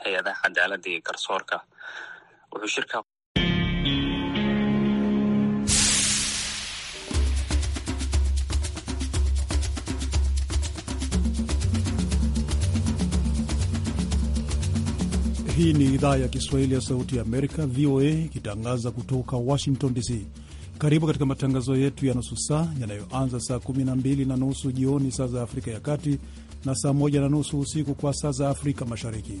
hay-adaha cadaalada iyo garsoorka wuxuu shirka Hii ni idhaa ya Kiswahili ya Sauti ya Amerika, VOA, ikitangaza kutoka Washington DC. Karibu katika matangazo yetu ya nusu saa yanayoanza saa 12 na nusu jioni saa za Afrika ya Kati na saa 1 na nusu usiku kwa saa za Afrika Mashariki.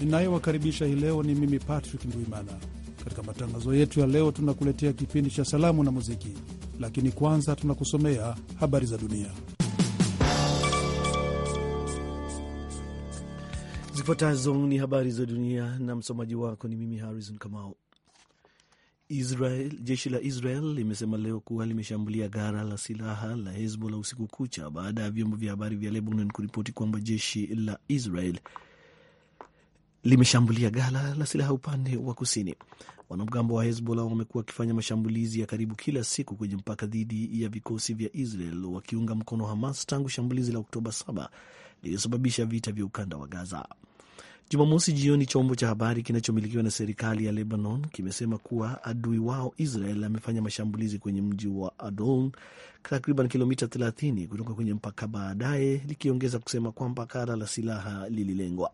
ninayewakaribisha hii leo ni mimi Patrick Ndwimana. Katika matangazo yetu ya leo, tunakuletea kipindi cha salamu na muziki, lakini kwanza tunakusomea habari za dunia zifuatazo. Ni habari za dunia na msomaji wako ni mimi Harrison Kamau. Israel, jeshi la Israel limesema leo kuwa limeshambulia gara la silaha la Hezbollah usiku kucha baada ya vyombo vya habari vya Lebanon kuripoti kwamba jeshi la Israel limeshambulia gala la silaha upande wa kusini. Wanamgambo wa Hezbollah wamekuwa wakifanya mashambulizi ya karibu kila siku kwenye mpaka dhidi ya vikosi vya Israel wakiunga mkono Hamas tangu shambulizi la Oktoba 7 lililosababisha vita vya ukanda wa Gaza. Jumamosi jioni, chombo cha habari kinachomilikiwa na serikali ya Lebanon kimesema kuwa adui wao Israel amefanya mashambulizi kwenye mji wa Adon, takriban kilomita 30 kutoka kwenye mpaka, baadaye likiongeza kusema kwamba kara la silaha lililengwa.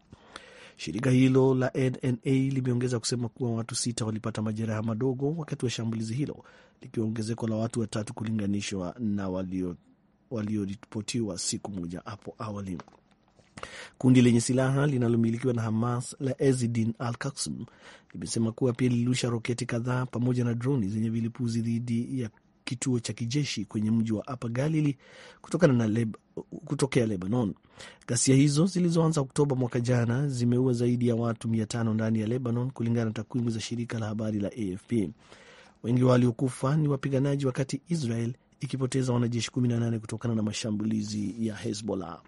Shirika hilo la NNA limeongeza kusema kuwa watu sita walipata majeraha madogo wakati wa shambulizi hilo, likiwa ongezeko la watu watatu kulinganishwa na walioripotiwa walio siku moja hapo awali. Kundi lenye silaha linalomilikiwa na Hamas la Ezidin al limesema kuwa pia lilirusha roketi kadhaa pamoja na droni zenye vilipuzi dhidi ya kituo cha kijeshi kwenye mji wa Upper Galilee kutokana na Leb, kutokea Lebanon. Ghasia hizo zilizoanza Oktoba mwaka jana zimeua zaidi ya watu tano ndani ya Lebanon, kulingana na takwimu za shirika la habari la AFP. Wengi wa waliokufa ni wapiganaji, wakati Israel ikipoteza wanajeshi 18 kutokana na mashambulizi ya Hezbollah.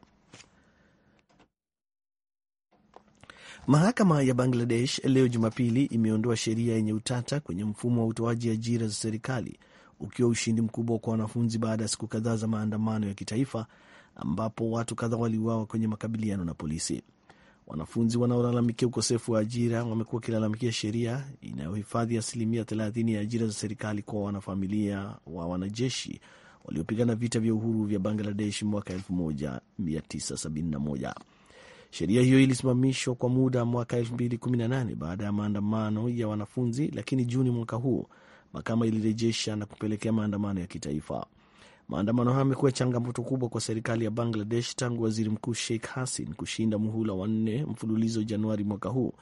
Mahakama ya Bangladesh leo Jumapili imeondoa sheria yenye utata kwenye mfumo wa utoaji ajira za serikali ukiwa ushindi mkubwa kwa wanafunzi baada ya siku kadhaa za maandamano ya kitaifa ambapo watu kadhaa waliuawa kwenye makabiliano na polisi. Wanafunzi wanaolalamikia ukosefu wa ajira wamekuwa wakilalamikia sheria inayohifadhi asilimia thelathini ya ajira za serikali kwa wanafamilia wa wanajeshi waliopigana vita vya uhuru vya Bangladesh mwaka 1971. Sheria hiyo ilisimamishwa kwa muda mwaka 2018 baada ya maandamano ya wanafunzi, lakini Juni mwaka huu mahakama ilirejesha na kupelekea maandamano ya kitaifa. Maandamano hayo amekuwa changamoto kubwa kwa serikali ya Bangladesh tangu waziri mkuu Sheikh Hasin kushinda muhula nne mfululizo Januari mwaka huu,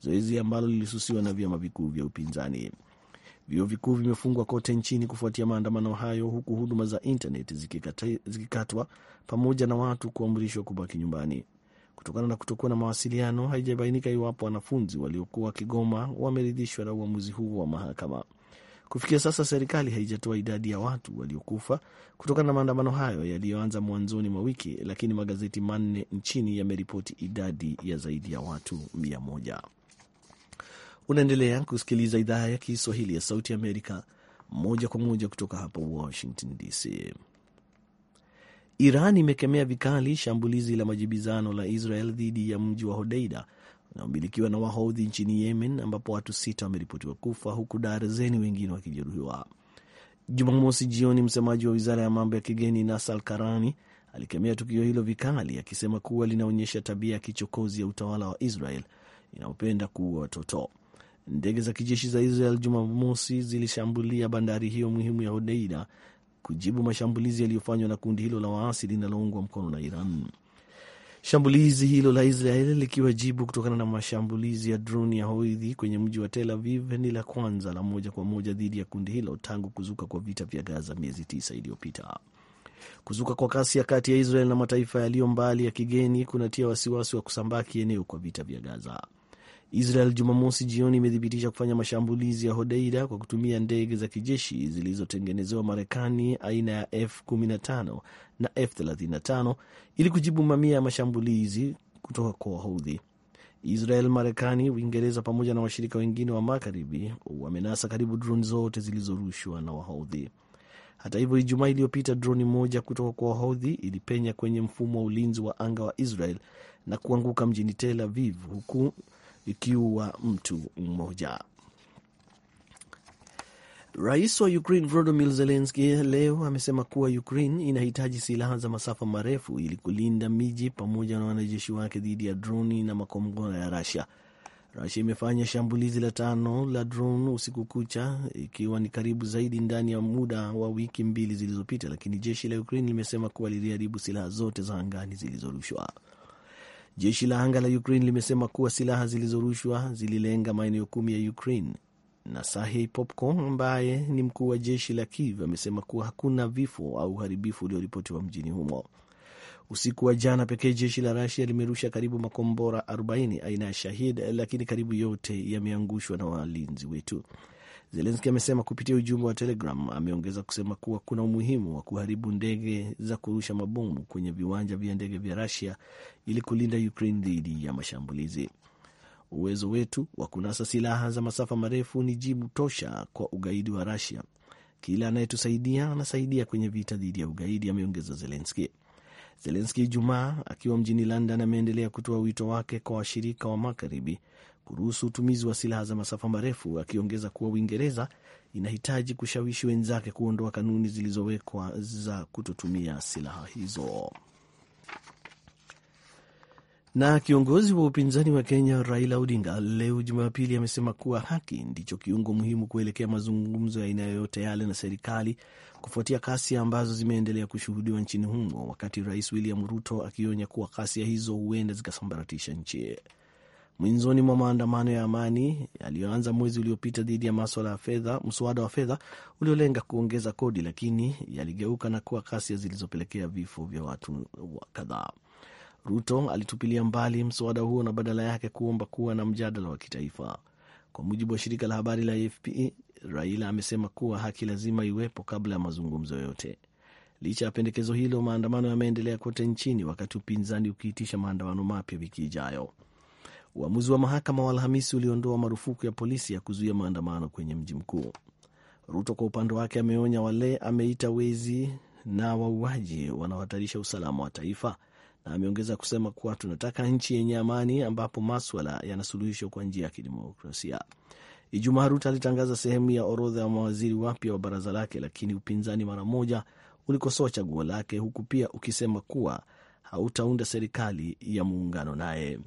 zoezi ambalo lilisusiwa na vyama vikuu vya upinzani. Vyuo vikuu vimefungwa kote nchini kufuatia maandamano hayo, huku huduma za intaneti zikikatwa pamoja na watu kuamrishwa kubaki nyumbani kutokana na kutokuwa na mawasiliano. Haijabainika iwapo wanafunzi waliokuwa wakigoma wameridhishwa na uamuzi huo wa mahakama. Kufikia sasa serikali haijatoa idadi ya watu waliokufa kutokana na maandamano hayo yaliyoanza mwanzoni mwa wiki, lakini magazeti manne nchini yameripoti idadi ya zaidi ya watu mia moja. Unaendelea kusikiliza idhaa ya Kiswahili ya Sauti Amerika moja kwa moja kutoka hapa Washington DC. Iran imekemea vikali shambulizi la majibizano la Israel dhidi ya mji wa Hodeida unaomilikiwa na Wahoudhi nchini Yemen, ambapo watu sita wameripotiwa kufa huku darzeni wengine wakijeruhiwa. Jumamosi jioni, msemaji wa wizara ya mambo ya kigeni Nasal Karani alikemea tukio hilo vikali, akisema kuwa linaonyesha tabia ya kichokozi ya utawala wa Israel inayopenda kuua watoto. Ndege za kijeshi za Israel Jumamosi zilishambulia bandari hiyo muhimu ya Hodeida kujibu mashambulizi yaliyofanywa na kundi hilo la waasi linaloungwa mkono na Iran shambulizi hilo la israel likiwa jibu kutokana na mashambulizi ya droni ya Houthi kwenye mji wa Tel Aviv ni la kwanza la moja kwa moja dhidi ya kundi hilo tangu kuzuka kwa vita vya Gaza miezi tisa iliyopita. Kuzuka kwa kasi ya kati ya Israel na mataifa yaliyo mbali ya kigeni kunatia wasiwasi wa kusambaa kieneo kwa vita vya Gaza. Israel Jumamosi jioni imethibitisha kufanya mashambulizi ya Hodeida kwa kutumia ndege za kijeshi zilizotengenezewa Marekani aina ya F15 na F35 ili kujibu mamia ya mashambulizi kutoka kwa Wahoudhi. Israel, Marekani, Uingereza pamoja na washirika wengine wa magharibi wamenasa karibu droni zote zilizorushwa na Wahoudhi. Hata hivyo, Ijumaa iliyopita droni moja kutoka kwa Wahoudhi ilipenya kwenye mfumo wa ulinzi wa anga wa Israel na kuanguka mjini Tel Aviv, huku ikiua mtu mmoja. Rais wa Ukraine Volodymyr Zelensky leo amesema kuwa Ukraine inahitaji silaha za masafa marefu ili kulinda miji pamoja na wanajeshi wake dhidi ya droni na makombora ya Russia. Russia imefanya shambulizi la tano la drone usiku kucha, ikiwa ni karibu zaidi ndani ya muda wa wiki mbili zilizopita, lakini jeshi la Ukraine limesema kuwa liliharibu silaha zote za angani zilizorushwa. Jeshi la anga la Ukraine limesema kuwa silaha zilizorushwa zililenga maeneo kumi ya Ukraine na Sahei Popko ambaye ni mkuu wa jeshi la Kiev amesema kuwa hakuna vifo au uharibifu ulioripotiwa mjini humo. Usiku wa jana pekee jeshi la Rasia limerusha karibu makombora 40 aina ya Shahid, lakini karibu yote yameangushwa na walinzi wetu. Zelenski amesema kupitia ujumbe wa Telegram. Ameongeza kusema kuwa kuna umuhimu wa kuharibu ndege za kurusha mabomu kwenye viwanja vya ndege vya Rusia ili kulinda Ukraine dhidi ya mashambulizi. Uwezo wetu wa kunasa silaha za masafa marefu ni jibu tosha kwa ugaidi wa Rusia. Kila anayetusaidia anasaidia kwenye vita dhidi ya ugaidi, ameongeza Zelenski. Zelenski Ijumaa akiwa mjini London ameendelea kutoa wito wake kwa washirika wa magharibi kuruhusu utumizi wa silaha za masafa marefu, akiongeza kuwa Uingereza inahitaji kushawishi wenzake kuondoa kanuni zilizowekwa za kutotumia silaha hizo. Na kiongozi wa upinzani wa Kenya Raila Odinga leo Jumapili amesema kuwa haki ndicho kiungo muhimu kuelekea mazungumzo ya aina yoyote yale na serikali kufuatia ghasia ambazo zimeendelea kushuhudiwa nchini humo, wakati Rais William Ruto akionya kuwa ghasia hizo huenda zikasambaratisha nchi mwinzoni mwa maandamano ya amani yaliyoanza mwezi uliopita dhidi ya maswala ya fedha, mswada wa fedha uliolenga kuongeza kodi, lakini yaligeuka na kuwa ghasia zilizopelekea vifo vya watu kadhaa. Ruto alitupilia mbali mswada huo na badala yake kuomba kuwa na mjadala wa kitaifa. Kwa mujibu wa shirika la habari la AFP, Raila amesema kuwa haki lazima iwepo kabla ya mazungumzo yote. Licha ya pendekezo hilo, maandamano yameendelea kote nchini, wakati upinzani ukiitisha maandamano mapya wiki ijayo. Uamuzi wa mahakama wa Alhamisi uliondoa marufuku ya polisi ya kuzuia maandamano kwenye mji mkuu. Ruto kwa upande wake ameonya wale ameita wezi na wauaji wanaohatarisha usalama wa taifa na ameongeza kusema kuwa tunataka nchi yenye amani ambapo maswala yanasuluhishwa kwa njia ya kidemokrasia. Ijumaa, Ruto alitangaza sehemu ya orodha ya mawaziri wapya wa baraza lake, lakini upinzani mara moja ulikosoa chaguo lake, huku pia ukisema kuwa hautaunda serikali ya muungano naye.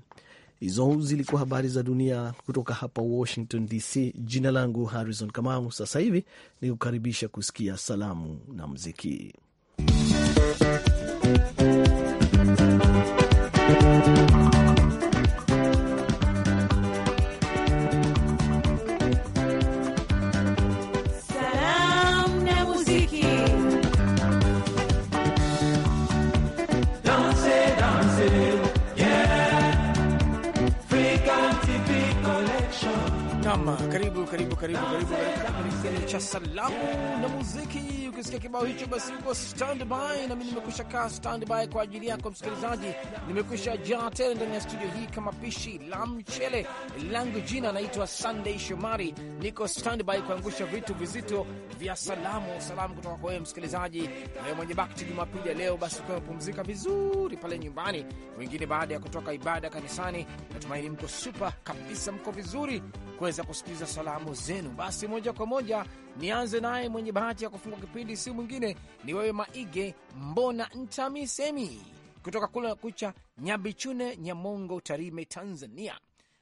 Hizo zilikuwa habari za dunia kutoka hapa Washington DC. Jina langu Harrison Kamau. Sasa hivi ni kukaribisha kusikia salamu na muziki karibu karibu karibu cha salamu na muziki Ukisikia kibao hicho, basi uko standby, mi nimekwisha kaa standby kwa ajili yako msikilizaji. Nimekwisha jaa tele ndani ya studio hii kama pishi la mchele langu. Jina naitwa Sunday Shomari, niko standby kuangusha vitu vizito vya salamu. Salamu kutoka kwa wewe msikilizaji mwenye bakti Jumapili ya leo, basi ukiwa umepumzika vizuri pale nyumbani, wengine baada ya kutoka ibada kanisani. Natumaini mko super kabisa, mko vizuri kuweza kusikiliza salamu zenu. Basi moja kwa moja Nianze naye mwenye bahati ya kufungua kipindi si mwingine ni wewe Maige Mbona Ntamisemi kutoka kula kucha Nyabichune, Nyamongo, Tarime, Tanzania.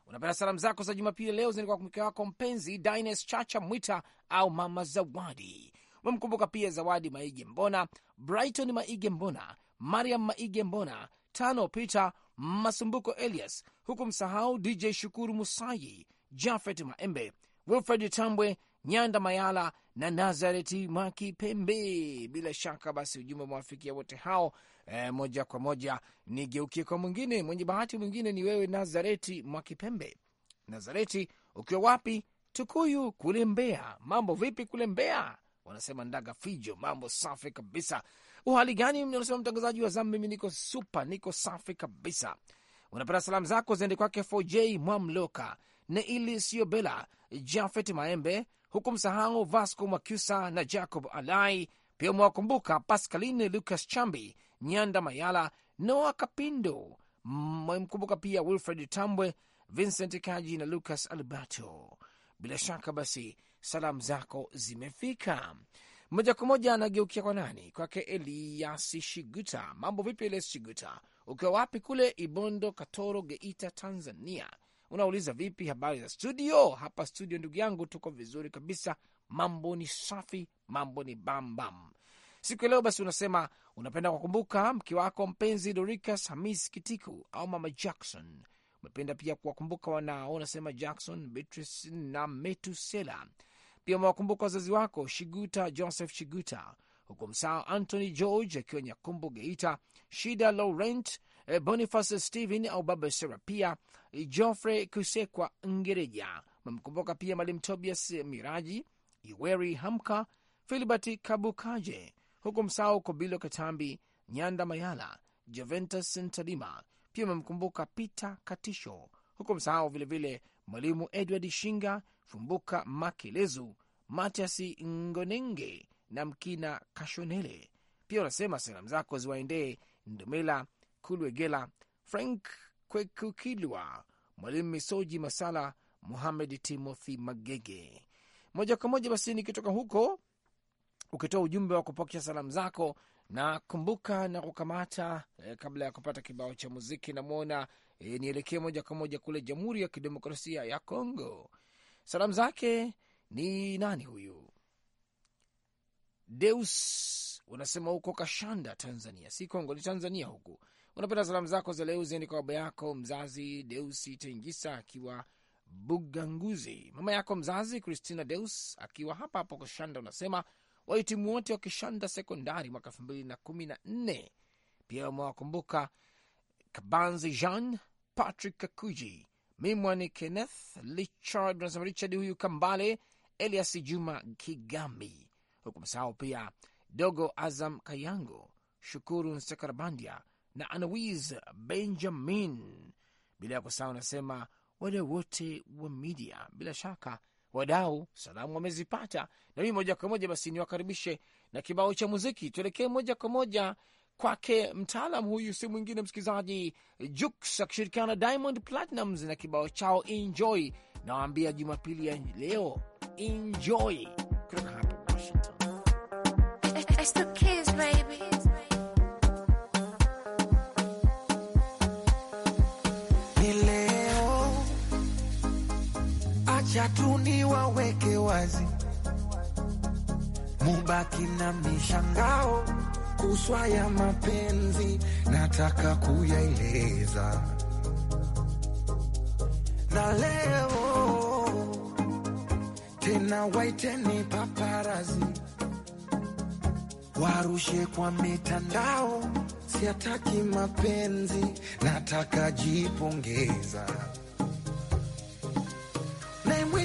Unapenda salamu zako za Jumapili leo zinikwa mke wako mpenzi Dines Chacha Mwita au Mama Zawadi. Umemkumbuka pia Zawadi Maige Mbona, Brighton Maige Mbona, Mariam Maige Mbona, Tano Peter Masumbuko Elias, huku msahau DJ Shukuru Musayi, Jafet Maembe, Wilfred Tambwe Nyanda Mayala na Nazareti Mwakipembe. Bila shaka basi ujumbe mwafikia wote hao. E, moja kwa moja nigeukie kwa mwingine mwenye bahati mwingine ni wewe Nazareti Mwakipembe. Nazareti, ukiwa wapi? Tukuyu kule Mbeya. Mambo vipi kule Mbeya? Wanasema ndaga fijo, mambo safi kabisa. Uhali gani? Unasema mtangazaji wa zamu, mimi niko supa, niko safi kabisa. Unapenda salamu zako ziende kwake FJ Mwamloka, Neili Siobela, Jafet Maembe, huku msahau Vasco Makusa na Jacob Alai. Pia umewakumbuka Pascaline Lucas Chambi, Nyanda Mayala, Noa Kapindo. Mmemkumbuka pia Wilfred Tambwe, Vincent Kaji na Lucas Alberto. Bila shaka basi salamu zako zimefika moja kwa moja. Anageukia kwa nani? Kwake Elias Shiguta. Mambo vipi, Elias Shiguta? Ukiwa wapi? Kule Ibondo, Katoro, Geita, Tanzania. Unauliza vipi habari za studio? Hapa studio, ndugu yangu, tuko vizuri kabisa, mambo ni safi, mambo ni bambam. bam. Siku ya leo basi, unasema unapenda kuwakumbuka mke wako mpenzi Doricas Hamis Kitiku au mama Jackson. Umependa pia kuwakumbuka wanao, unasema Jackson, Beatrice na Metusela. Pia umewakumbuka wazazi wako Shiguta Joseph Shiguta, huku msaa antony George akiwa Nyakumbu Geita, Shida Laurent Eh, Boniface Stephen au Baba pia eh, Geoffrey Kusekwa Ngereja, Mamkumbuka pia Mwalimu Tobias Miraji, Iweri Hamka, Filibert Kabukaje, huku msahau Kobilo Katambi, Nyanda Mayala, Joventus Ntalima. Pia mamkumbuka Peter Katisho, huku msahau vilevile Mwalimu Edward Shinga, Fumbuka Makelezu, Matias Ngonenge na Mkina Kashonele. Pia unasema salamu zako ziwaendee Ndumila Kulwegela, Frank Kwekukilwa, Mwalimu Misoji Masala, Muhamed Timothy Magege. Moja kwa moja basi nikitoka huko, ukitoa ujumbe wa kupokea salamu zako na kumbuka na kukamata eh, kabla ya kupata kibao cha muziki namwona eh, nielekee moja kwa moja kule Jamhuri ya Kidemokrasia ya Kongo. Salamu zake ni nani huyu? Deus unasema huko Kashanda, Tanzania, si Kongo, ni Tanzania huku Unapenda salamu zako za leo ziende kwa baba yako mzazi Deusi Tengisa akiwa Buganguzi, mama yako mzazi Christina Deus akiwa hapa hapo Kishanda. Unasema wahitimu wote wa Kishanda sekondari mwaka elfu mbili na kumi na nne. Pia umewakumbuka Kabanzi Jean Patrick Kakuji, Mimwani Kenneth Richard, unasema Richard huyu Kambale, Elias Juma Kigami, huku msahau pia Dogo Azam Kayango, Shukuru Nsekarabandia na Anawiz Benjamin, bila ya kusahau anasema wadau wote wa media. Bila shaka wadau salamu wamezipata, na mimi moja kwa moja basi niwakaribishe na kibao cha muziki. Tuelekee moja kwa moja kwake mtaalam huyu, si mwingine msikilizaji, Jux akishirikiana na Diamond Platnumz na kibao chao Enjoy. Nawaambia Jumapili ya leo enjoy kutoka hapa Washington. It's the kids, baby. Wacha tu ni waweke wazi, mubaki na mishangao kuswa ya mapenzi, nataka kuyaeleza na leo tena, waiteni paparazi warushe kwa mitandao, siataki mapenzi, nataka jipongeza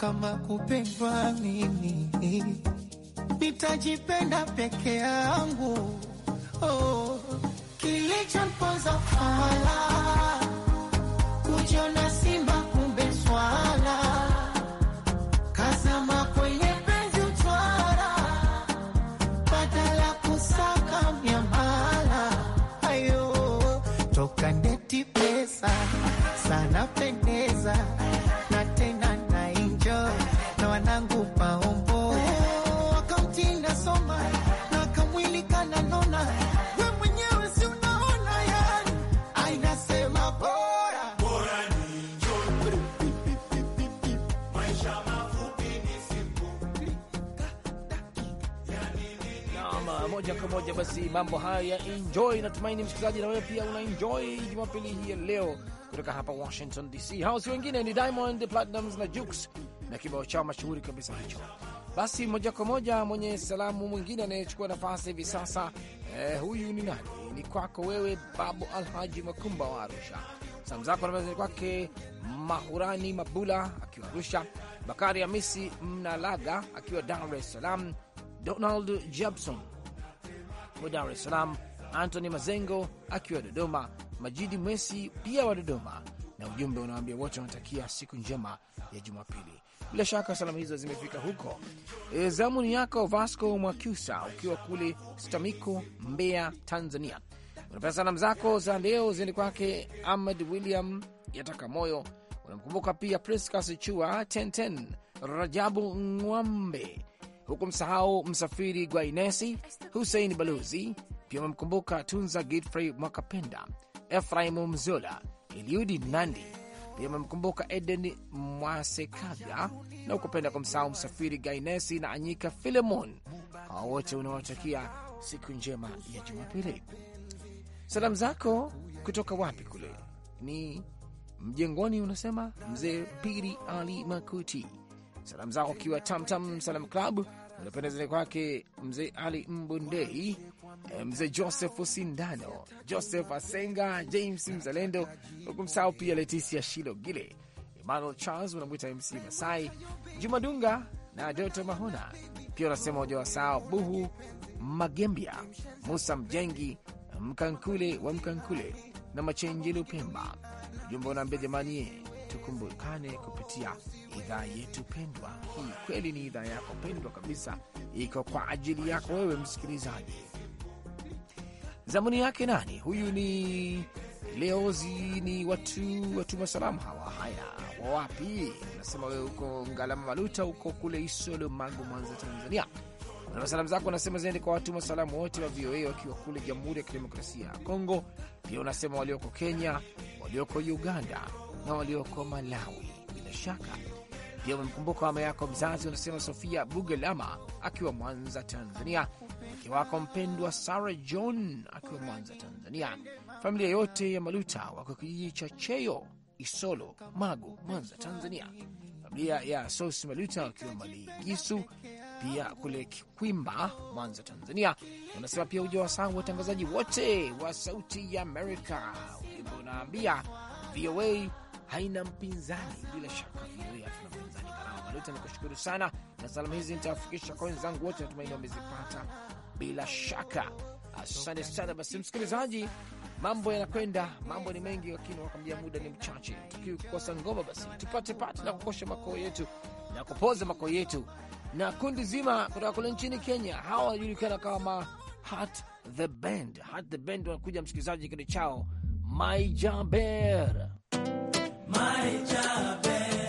kama kupendwa mimi nitajipenda peke yangu. Oh, kilichoniponza fala kujiona mambo haya ya enjoy. Natumaini msikilizaji, na wewe pia una enjoy jumapili hii ya leo, kutoka hapa Washington DC. Hao si wengine ni Diamond Platnumz na Jukes na kibao chao mashuhuri kabisa hicho. Basi moja kwa moja, mwenye salamu mwingine anayechukua nafasi hivi sasa eh, huyu ni nani? Ni kwako wewe Babu Alhaji Makumba wa Arusha. Salamu zako ni kwake Mahurani Mabula akiwa Arusha, Bakari Hamisi Mnalaga akiwa Dar es Salaam, Donald Jabson wa Dar es Salaam, Antony Mazengo akiwa Dodoma, Majidi Mwesi pia wa Dodoma, na ujumbe unawaambia wote wanatakia siku njema ya Jumapili. Bila shaka salamu hizo zimefika huko. E, zamu ni yako Vasco Mwakyusa ukiwa kule Stamiko, Mbeya, Tanzania. Unapea salamu zako za leo ziende kwake Ahmad William Yataka Moyo, unamkumbuka pia Priscas Chua Tenten, Rajabu Ng'wambe huku msahau Msafiri guainesi Hussein Balozi, pia amemkumbuka Tunza Gitfrey Mwakapenda, Efraimu Mzola, Eliudi nandi pia amemkumbuka Eden mwasekaga na ukupenda kumsahau Msafiri Gainesi na Anyika Filemon. Hawa wote unawatakia siku njema ya Jumapili. Salamu zako kutoka wapi? Kule ni mjengoni, unasema mzee Piri Ali Makuti. Salamu zako akiwa Tamtam Salam Club Napenda kwake mzee Ali mbundei eh, mzee Joseph Osindano, Joseph Asenga, James Mzalendo, huku msao pia Leticia gile Emmanuel Charles, unamwita MC Masai, Juma Dunga na Doto Mahona. Pia unasema uja wasao Buhu Magembia, Musa Mjengi, Mkankule wa Mkankule na Machenjeli Upemba. Ujumbe unaambia jamani tukumbukane kupitia idhaa yetu pendwa hii. Kweli ni idhaa yako pendwa kabisa, iko kwa ajili yako wewe msikilizaji. Zamuni yake nani huyu? Ni leozi ni watu watuma salamu hawa. Haya, wawapi? Nasema wewe huko Ngalama Maluta, huko kule Isolo, Magu, Mwanza, Tanzania na salamu zako unasema ziende kwa watuma salamu wote wa VOA wakiwa kule Jamhuri ya Kidemokrasia ya Kongo. Pia unasema walioko Kenya, walioko Uganda, na walioko Malawi. Bila shaka pia umemkumbuka mama yako mzazi, unasema Sofia Bugelama akiwa Mwanza, Tanzania, mke wako mpendwa sara John akiwa Mwanza, Tanzania, familia yote ya Maluta wako kijiji cha Cheyo, Isolo, Magu, Mwanza, Tanzania, familia ya Sosi Maluta wakiwa Maligisu pia kule Kikwimba, Mwanza, Tanzania. Unasema pia uja wasangu watangazaji wote wa Sauti ya Amerika unaambia VOA haina mpinzani. Bila shaka mpinzani. Nikushukuru sana, na salamu hizi nitawafikisha kwa wenzangu wote, natumaini wamezipata bila shaka. Asante sana. Basi msikilizaji, mambo yanakwenda, mambo ni mengi, lakini wakamjia muda ni mchache. Tukikosa ngoma, basi tupate pati na kukosha makoo yetu na kupoza makoo yetu na kundi zima kutoka kule nchini Kenya. Hawa wanajulikana kama Hat the Band. Hat the Band wanakuja msikilizaji, kile chao My Jamber My job.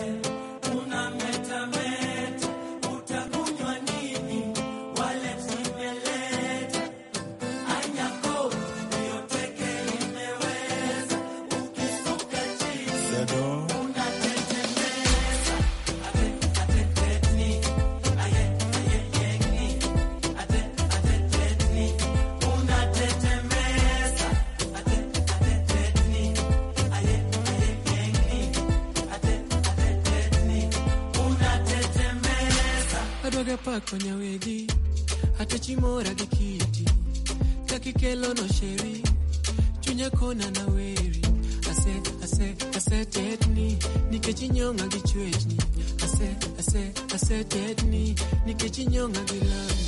ga pako nyawedi ata chimora gi kiti kakikelo no sheri chunya kona na weri ase ase ase tetni nikech inyonga gi chwechni ase ase ase tetni nikech inyonga gi lami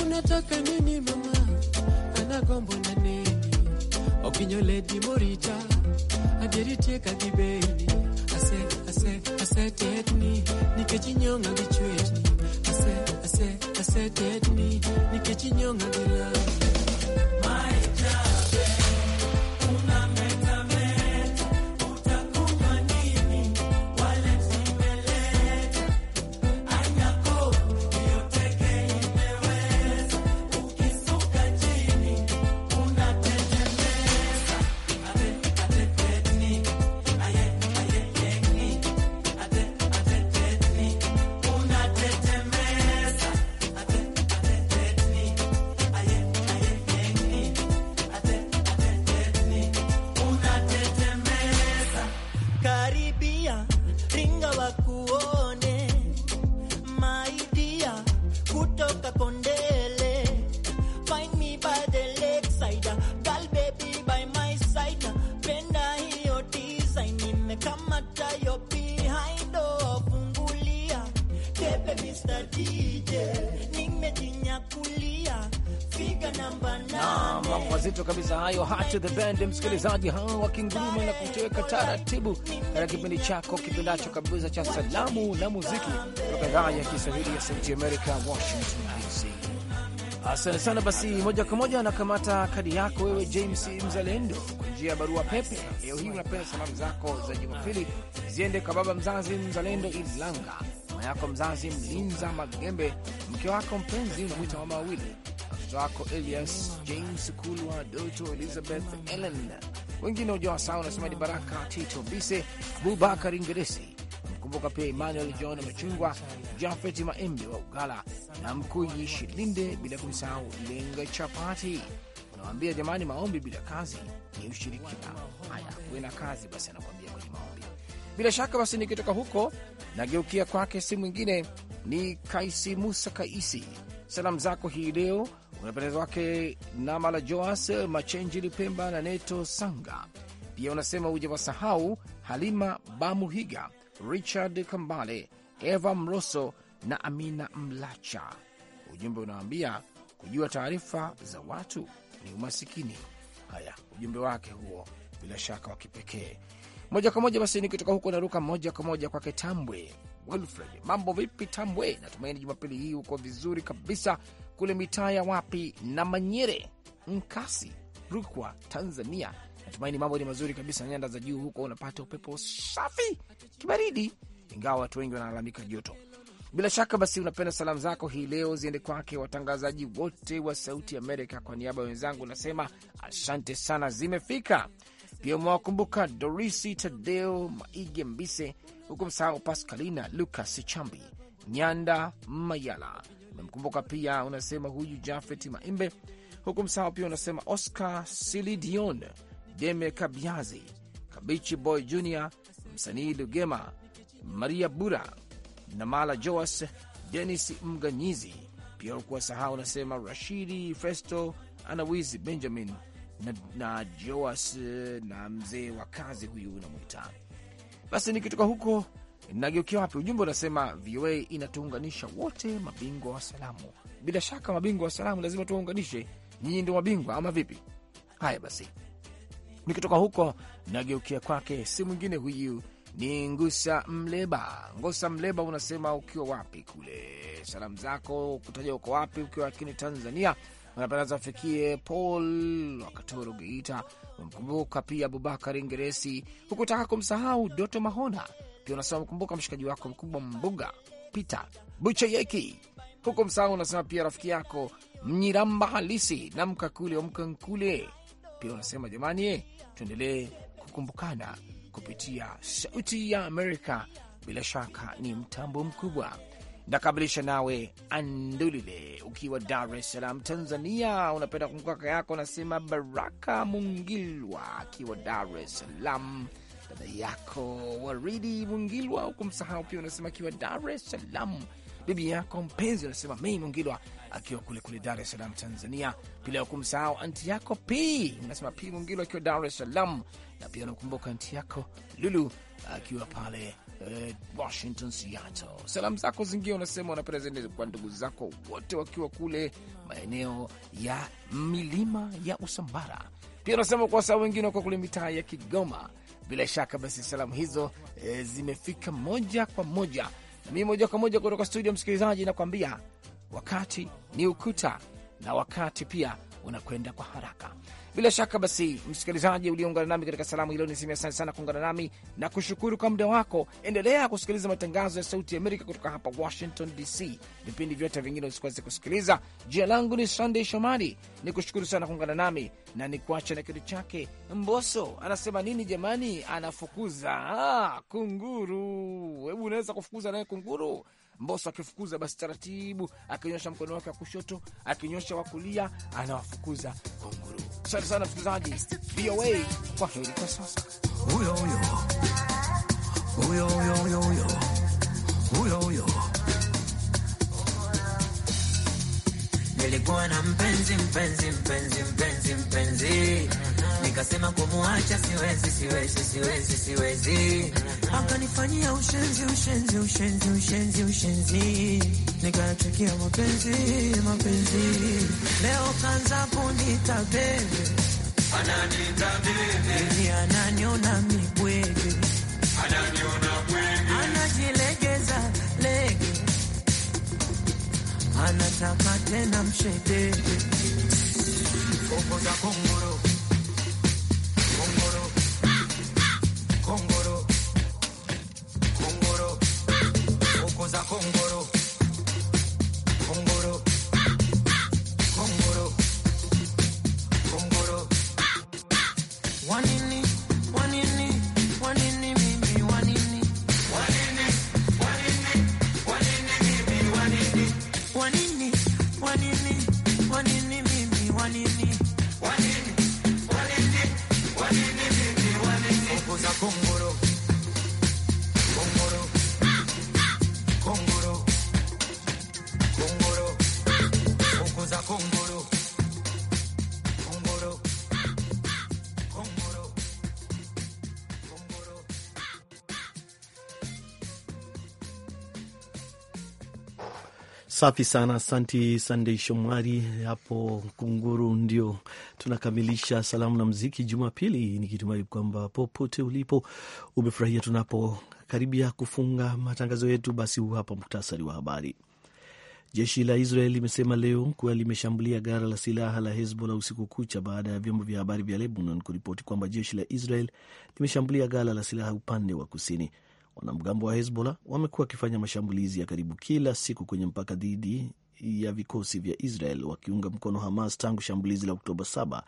unataka nini mama anagombo na neni opinyoledi morita adieri tieka gi beni ase ase ase tetni nikech inyonga gi chwechni Set me, Nikechinyonga Dila. to the band, msikilizaji hao wakinguruma na kutoweka taratibu katika kipindi chako kipendacho kabisa cha salamu na muziki kutoka idhaa ya Kiswahili ya Sauti Amerika, Washington DC. Asante sana. Basi moja kwa moja anakamata kadi yako wewe James Mzalendo kwa njia ya barua pepe. Leo hii unapenda salamu zako za Jumapili ziende kwa baba mzazi Mzalendo Ilanga, mama yako mzazi Mlinza Magembe, mke wako mpenzi unamwita mama wawili wako Elias James Kulwa, Doto Elizabeth Ellen, wengine ujawa sawa, unasema ni Baraka Tito Bise, Abubakar Ingeresi, kumbuka pia Emmanuel John Machungwa, Jafet Maembe wa Ugala na Mkuji Shilinde, bila kumsahau Lenga Chapati. Unawambia jamani, maombi bila kazi ni ushirikina. Haya, kuwe na kazi basi, anakuambia kwenye maombi bila shaka. Basi nikitoka huko nageukia kwake, si mwingine ni Kaisi Musa Kaisi. Salamu zako hii leo unapendeza wake nama la Joas Machenji Lipemba na Neto Sanga. Pia unasema sahau Halima Bamuhiga, Richard Kambale, Eva Mroso na Amina Mlacha. Ujumbe unaambia kujua taarifa za watu ni umasikini. Haya, ujumbe wake huo bila shaka wa kipekee. Moja kwa moja basi, nikitoka huko naruka moja kwa moja kwake Tambwe Wilfred, mambo vipi Tambwe? Natumaini jumapili hii uko vizuri kabisa. Kule mitaa ya wapi na Manyere, Nkasi, Rukwa, Tanzania, natumaini mambo ni mazuri kabisa. Nyanda za juu huko unapata upepo safi, kibaridi, ingawa watu wengi wanalalamika joto. Bila shaka basi, unapenda salamu zako hii leo ziende kwake watangazaji wote wa Sauti Amerika. Kwa niaba ya wenzangu nasema asante sana, zimefika. Pia umewakumbuka Dorisi Tadeo Maige Mbise, huku msahau Paskalina Lukas Chambi Nyanda Mayala. Umemkumbuka pia unasema huyu Jafet Maimbe, huku msahau pia unasema Oscar Silidion Deme Kabiazi Kabichi Boy Jr msanii Lugema Maria Bura namala Joas Denis Mganyizi, pia hukuwa sahau unasema Rashidi Festo Anawizi Benjamin na, na Joas na mzee wa kazi huyu unamwita. Basi nikitoka huko nageukia wapi? Ujumbe unasema VOA inatuunganisha wote, mabingwa wa salamu. Bila shaka mabingwa wa salamu lazima tuwaunganishe, nyinyi ndio mabingwa ama vipi? Haya basi, nikitoka huko nageukia kwake, si mwingine huyu ni Ngusa Mleba. Ngusa Mleba, unasema ukiwa wapi kule, salamu zako kutaja uko wapi, ukiwa lakini Tanzania wanapenda zafikie Paul Wakatoro Geita, wamkumbuka pia Abubakar Ngeresi, hukutaka kumsahau Doto Mahona. Pia unasema mkumbuka mshikaji wako mkubwa Mbuga Peter Bucheyeki, huku msahau. Unasema pia rafiki yako Mnyiramba halisi na Mkakule wa Mkankule. Pia unasema jamani, tuendelee kukumbukana kupitia Sauti ya Amerika. Bila shaka ni mtambo mkubwa Nakamilisha nawe Andulile ukiwa Dar es Salaam, Tanzania. Unapenda kumbuka kaka yako, nasema Baraka Mungilwa akiwa Dar es Salaam, dada yako Waridi Mungilwa hukumsahau pia, unasema akiwa Dar es Salaam, bibi yako mpenzi, unasema Mei Mungilwa akiwa kule kule Dar es Salaam, Tanzania, bila kumsahau anti yako P, unasema P Mungilwa akiwa Dar es Salaam, na pia unakumbuka anti yako Lulu akiwa pale Eh, Washington, Seattle. Salamu zako zingine unasema unapenda kwa ndugu zako wote wakiwa kule maeneo ya milima ya Usambara. Pia unasema kwa saa wengine wako kule mitaa ya Kigoma. Bila shaka basi salamu hizo e, zimefika moja kwa moja na mimi moja kwa moja kutoka studio. Msikilizaji, nakwambia wakati ni ukuta na wakati pia unakwenda kwa haraka. Bila shaka basi, msikilizaji ulioungana nami katika salamu hilo, niseme asante sana kuungana nami na kushukuru kwa muda wako. Endelea kusikiliza matangazo ya Sauti ya Amerika kutoka hapa Washington DC. Vipindi vyote vingine usikose kusikiliza. Jina langu ni Sandey Shomari, ni kushukuru sana kuungana nami na nikuacha na kitu chake. Mboso anasema nini jamani? Anafukuza ah, kunguru. Hebu unaweza kufukuza naye kunguru? Mbosso akifukuza basi taratibu, akinyosha mkono wake wa kushoto, akinyosha wa kulia, anawafukuza kunguru. Asante sana msikilizaji, VOA kwa heri kwa sasa. bwana mpenzi mpenzi mpenzi mpenzi mpenzi, nikasema kumuacha siwezi siwezi siwezi siwezi, akanifanyia ushenzi ushenzi ushenzi ushenzi ushenzi, nikachukia mapenzi mapenzi. Leo kanza kunitabiri, bebe ananiona mibwege, ananiona anataka tena mshete. Popo za kongoro Safi sana, asanti Sandey Shomari hapo Kunguru. Ndio tunakamilisha salamu na mziki Jumapili, nikitumai kwamba popote ulipo umefurahia. Tunapokaribia kufunga matangazo yetu, basi huu hapa muktasari wa habari. Jeshi la Israel limesema leo kuwa limeshambulia gara la silaha la Hezbollah usiku kucha baada ya vyombo vya habari vya Lebanon kuripoti kwamba jeshi la Israel limeshambulia gara la silaha upande wa kusini Wanamgambo wa Hezbollah wamekuwa wakifanya mashambulizi ya karibu kila siku kwenye mpaka dhidi ya vikosi vya Israel wakiunga mkono Hamas tangu shambulizi la Oktoba 7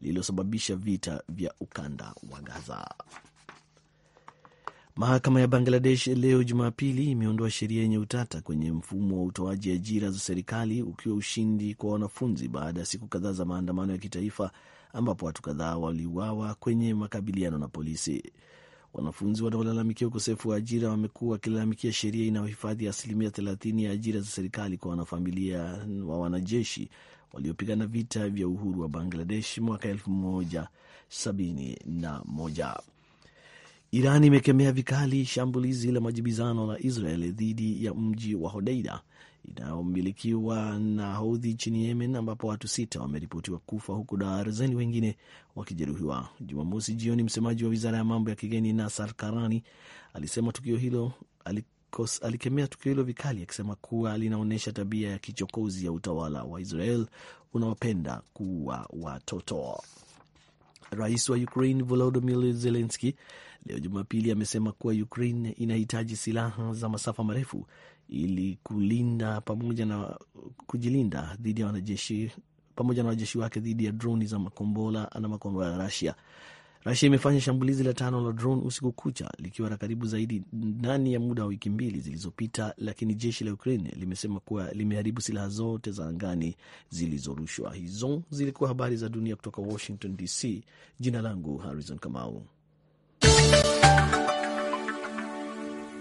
lililosababisha vita vya ukanda wa Gaza. Mahakama ya Bangladesh leo Jumapili imeondoa sheria yenye utata kwenye mfumo wa utoaji ajira za serikali ukiwa ushindi kwa wanafunzi baada ya siku kadhaa za maandamano ya kitaifa ambapo watu kadhaa waliuawa kwenye makabiliano na polisi. Wanafunzi wanaolalamikia ukosefu wa ajira wamekuwa wakilalamikia sheria inayohifadhi asilimia thelathini ya ajira za serikali kwa wanafamilia wa wanajeshi waliopigana vita vya uhuru wa Bangladesh mwaka elfu moja sabini na moja. Iran imekemea vikali shambulizi la majibizano la Israel dhidi ya mji wa Hodeida inayomilikiwa na Houthi nchini Yemen, ambapo watu sita wameripotiwa kufa huku darzeni wengine wakijeruhiwa. Jumamosi jioni, msemaji wa wizara ya mambo ya kigeni Nasar Karani alisema tukio hilo alikos, alikemea tukio hilo vikali akisema kuwa linaonyesha tabia ya kichokozi ya utawala wa Israel unaopenda kuua watoto. Rais wa Ukraine Volodymyr Zelensky leo Jumapili amesema kuwa Ukraine inahitaji silaha za masafa marefu ili kulinda pamoja na kujilinda dhidi ya wanajeshi pamoja na wajeshi wake dhidi ya droni za makombola na makombora ya Rasia. Rasia imefanya shambulizi la tano la drone usiku kucha likiwa la karibu zaidi ndani ya muda wa wiki mbili zilizopita, lakini jeshi la Ukraine limesema kuwa limeharibu silaha zote za angani zilizorushwa. Hizo zilikuwa habari za dunia kutoka Washington DC. Jina langu Harrison Kamau.